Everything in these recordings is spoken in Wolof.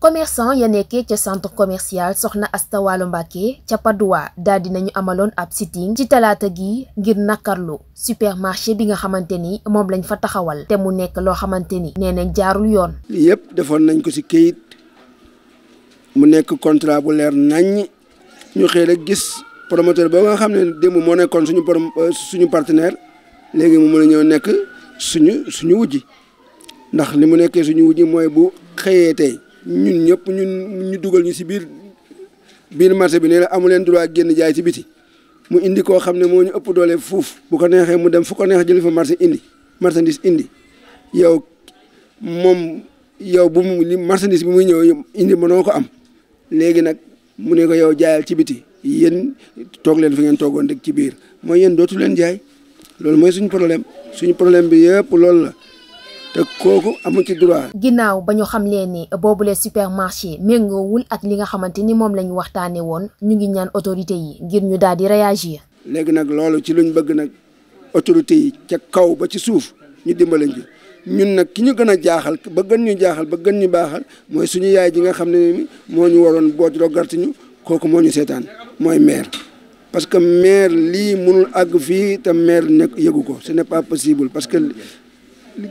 commerçant ya nekkee ca centre commercial soxna Asta Walo Mbacké ca Padoua daal nañu amaloon ab sitting ci talaata gi ngir nakarlu supermarché bi nga xamante ni moom lañ fa taxawal te mu nekk loo xamante ni nee nañ jaarul yoon. lii yëpp defoon nañ ko ci këyit mu nekk contrat bu leer nañ ñu xëy rek gis promoteur ba nga xam ne démb moo nekkoon suñu euh, suñu partenaire léegi mu mën a ñëw nekk suñu suñu wujj ndax li mu nekkee suñu wujj mooy bu xëyee tey ñun ñëpp ñun ñu dugal ñu si biir biir marché bi nee na amu leen droit génn jaay si biti mu indi koo xam ne moo ñu ëpp doole fuuf bu ko neexee mu dem fu ko neex jël fa marché indi marchandise indi yow moom yow bu mu li marchandise bi muy ñëw indi mënoo ko am léegi nag mu ne ko yow jaayal ci biti yéen toog leen fi ngeen toogoon rek ci biir mooy yéen dootu leen jaay loolu mooy suñ problème suñu problème bi yëpp loolu la te kooku amu ci droit. ginnaaw ba ñu xam leen ni boobule supermarché méngoowul ak li nga xamante ni moom la ñu waxtaanee woon ñu ngi ñaan autorité yi ngir ñu daal di réagir. léegi nag loolu ci luñ bëgg nag autorité yi ca kaw ba ci suuf ñu dimbale ñu ñun nag ki ñu gën a jaaxal ba gën ñu jaaxal ba gën ñu baaxal mooy suñu yaay ji nga xam ne moo ñu waroon boot rogarti ñu kooku moo ñu seetaan mooy maire. parce que maire lii mënul àgg fii te maire nekk yëgu ko ce n'est pas possible parce que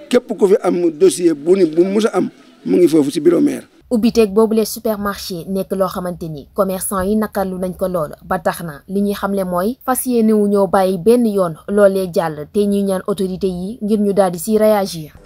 képp ku fi am dossier bu ni bu mus am mu ngi foofu ci bureau maire. ubbiteeg boobu les supermarché nekk loo xamante ni commerçant yi nakarlu nañ ko lool ba tax na li ñuy xamle mooy fas yéene wu ñoo bàyyi benn yoon loolee jàll te ñuy ñaan autorité yi ngir ñu daal di si réagir.